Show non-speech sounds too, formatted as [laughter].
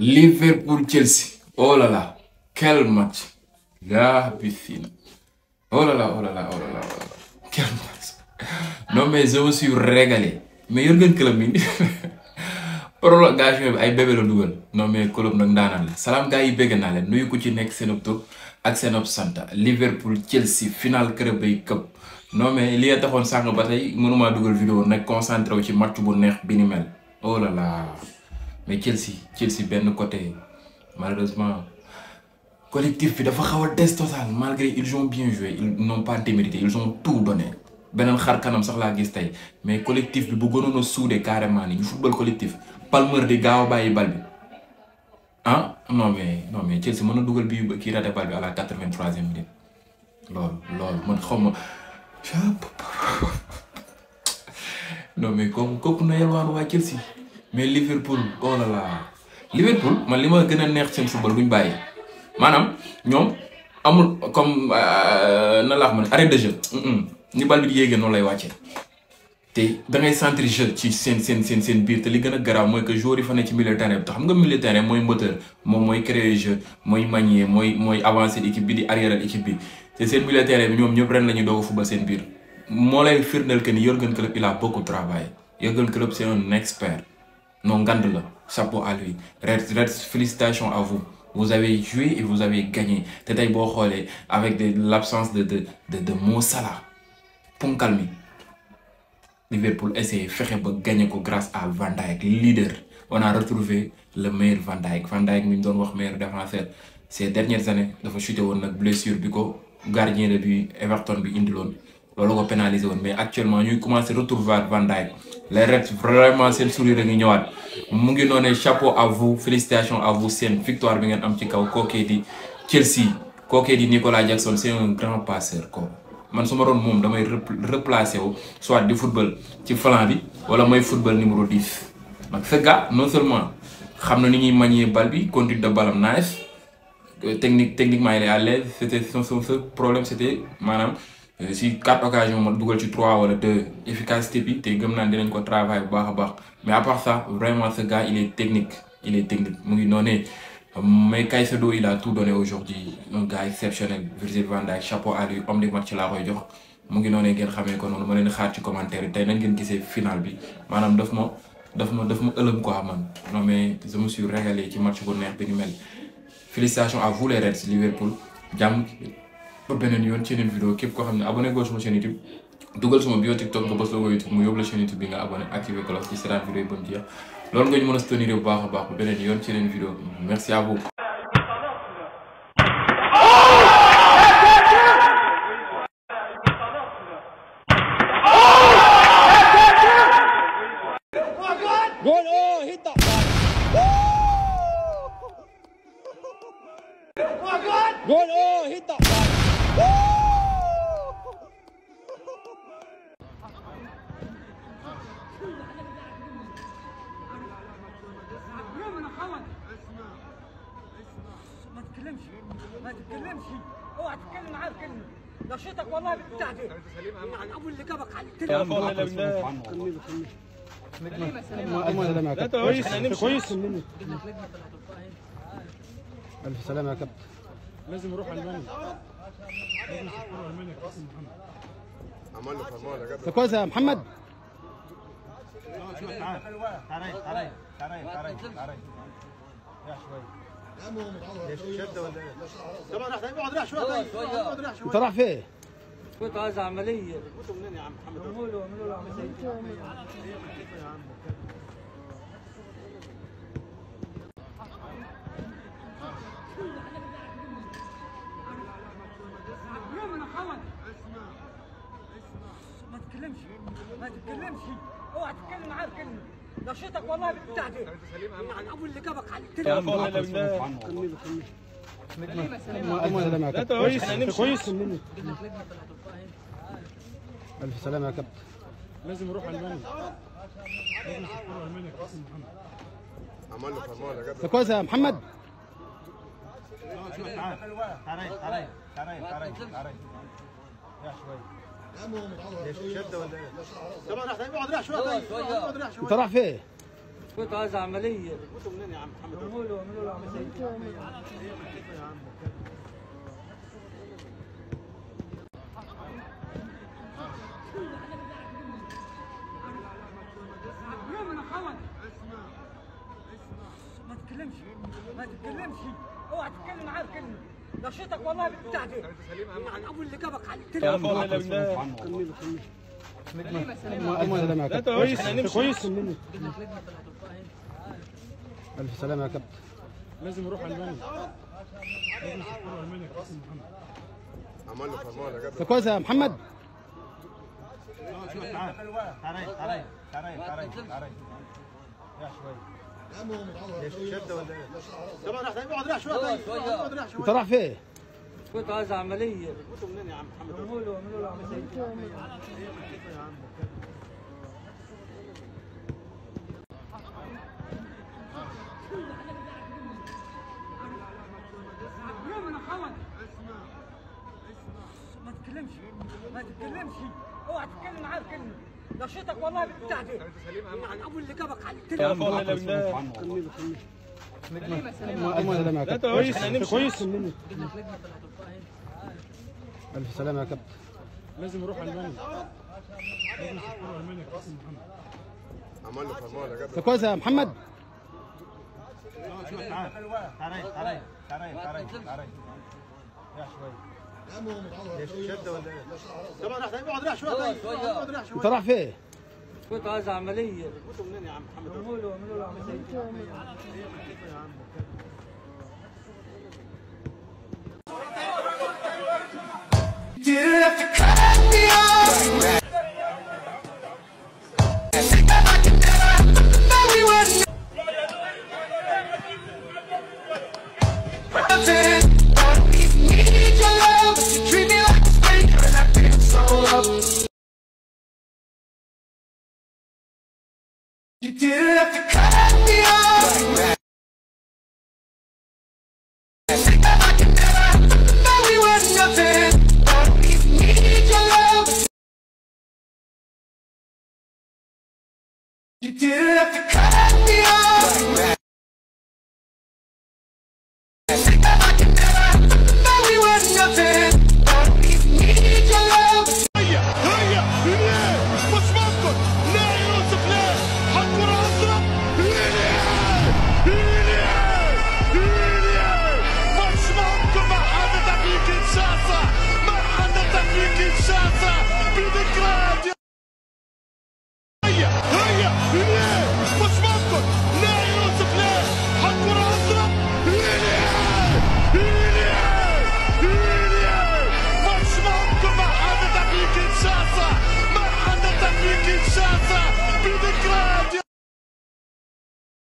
Liverpool Chelsea. Oh la là, match. La piscine. Oh là là, oh là là, oh là là, oh là là. Quel match. Non mais je me suis régalé. Mais Jürgen Klopp mi bi ay bébé la dugal. non mais Klopp salaam gars yi bégg naa leen nuyu ku ci nekk seen ab tur ak seen ab sant Liverpool Chelsea final Carabao Cup. non mais li nga taxoon sànq ba tey mënumaa dugal vidéo nag concentré wu ci match bu neex bi ni mel oh mais Chelsea Chelsea benn côté malheureusement collectif bi dafa xaw a des total malgré ils ont bien joué ils n'ont pas démérité ils tout donné beneen xar kanam sax laa gis tey mais collectif bi bu gënoon a suude carrément ni ñu football collectif Palmer di gaaw a bàyyi bal bi ah non mais non mais Chelsea mën na dugal bi kii raté bal bi à la quatre vingt troisième minute loolu loolu man xaw ma [laughs] non mais kooku kooku na yalwaan waa Chelsea. mais Liverpool oh là là Liverpool man li ma gën a neex seen football bu ñu bàyyi maanaam ñoom amul comme euh, na laa xam ne arrêt de jeu ni bal bi di yéegee noonu lay wàccee te da centre jeu ci seen seen seen seen biir te li gën a garaaw mooy que joueur yi fa ci milieu terrain bi te xam nga milieu terrain mooy moteur moom mooy créer jeu mooy manier mooy mooy avancer équipe bi di arrière équipe bi te seen milieu terrain bi ñoom ñëpp ren la ñuy doog a fubal seen moo lay firndeel que ni Jürgen Klopp il a beaucoup travaillé Jürgen Klopp c'est non ngand la chapeau à lui Reds Reds félicitations à vous vous avez joué et vous avez gagné te tey boo xoolee avec de l'absence de de de de Mo Salah ponkal mi Liverpool essayé fexe ba gagné ko grâce à Van Dijk leader on a retrouvé le meilleur Van Dijk Van Dijk mi doon wax meilleur défenseur ces dernières années dafa chuté woon nag blessure bi ko gardien de but Everton bi indiloon. loolu ko pénalisé woon mais actuellement ñuy commencé retrouver Van Dijk les Reds vraiment seen sourire a ngi ñëwaat mu ngi noonee chapeau à vous félicitations seen victoire bi ngeen am ci kaw kookee di Chelsea kookee di Nicolas Jackson c'est un grand passeur ko man su ma doon moom damay replacé wu soit di football ci flanc bi wala mooy football numéro 10 donc ce non seulement xam na ni ñuy manier bal bi conduite de balam nice euh, technique techniquement il est à l'aise problème maanaam Euh, si quatre occasions ma dugal ci trois wala deux efficacité bi te gëm naa dinañ ko travail baax a baax mais à part ça vraiment ce gars il est technique il est technique mu ngi noonee mais Caicedo il a tout donné aujourd'hui un gars exceptionnel Virgil van Dijk chapeau à lui homme de match laa koy jox mu ngi noonee ngeen xamee ko noonu ma leen xaar ci commentaire yi tey nañ ngeen gisee final bi maanaam daf ma daf ma daf ma ëlëm quoi man non mais je ci match bu neex bi ni mel félicitations à vous les Reds Liverpool jàmm. ba beneen yoon ci vidéo képp koo xam ne abonné goo suma chaîne YouTube dugal suma bio TikTok nga bës logo YouTube mu yóbbu la chaîne bi nga abonné activé cloche ci seetaan vidéo yi ba mu jeex loolu nga ñu mën a soutenir bu baax a baax ba beneen yoon ci vidéo merci à vous وحشتك والله بالله عليك يعني ابو اللي جابك على التليفون والله بالله كملوا كملوا لا كويس كويس الف سلامه يا كابتن لازم نروح المانيا لازم نروح المانيا يا كابتن محمد عمل له فرمان يا كابتن كويس يا محمد تعال تعال تعال تعال تعال شوية شدة ولا ايه؟ طبعا راح تقعد راح شوية طيب اقعد راح شوية انت رايح فين؟ كنت عايز عمليه بتموتوا منين يا عم محمد اعملوا اعملوا له عمليه اسمع اسمع ما تتكلمش ما تتكلمش اوعى تتكلم معاه بكلمه نشيطك والله بتاعتي انت سليم اهم حاجه ابو اللي جابك على التليفون كمله كمله نجمة ألف سلامة يا كابتن كويس ألف سلامة يا كابتن لازم نروح ألمانيا لازم نروح ألمانيا كابتن محمد كويس يا محمد تعال تعال تعال تعال تعال يا شوية شده ولا ايه؟ طب انا هتقعد ريح شويه طيب اقعد ريح شويه انت رايح فين؟ شوية عايز عملية قلتوا منين يا عم محمد؟ اعملوا له اعملوا له عملية اسمع اسمع ما تتكلمش ما تتكلمش اوعى تتكلم معاه بكلمه نشيطك والله بتاعتي يعني ابو اللي جابك على التليفون كويس كويس الف سلامه يا كابتن لازم نروح المانيا لازم نروح المانيا عمل له فرمان يا كابتن كويس يا محمد تعال تعال تعال تعال تعال يا شويه شده ولا ايه؟ طبعا احنا نقعد نريح شويه طيب نقعد نريح شويه انت رايح فين؟ كنت عايز عمليه جبتوا منين يا عم محمد اعملوا له اعملوا له عمليه يا عم ما تتكلمش ما تتكلمش اوعى تتكلم معاه بكلمه نشيطك والله بتاعتي يعني اول اللي جابك على التليفون ما كابتن كويس كويس الف سلامه يا كابتن لازم نروح المانيا لازم نروح المانيا كابتن محمد عمل له فرمان كويس يا محمد تعال تعال تعال تعال تعال شوية شدة ولا ايه؟ طبعا راح تقعد راح شوية طيب اقعد راح شوية انت رايح فين؟ شوية عايز عملية بتموتوا منين يا عم محمد؟ اعملوا اعملوا له عملية Didn't have to cut me off. have to cut me off.